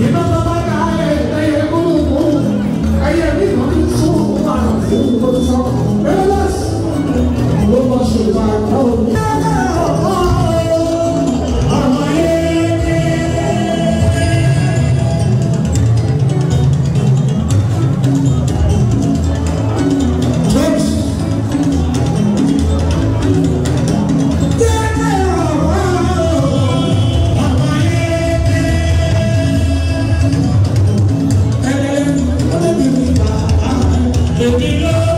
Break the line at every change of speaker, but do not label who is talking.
예방 Looking up.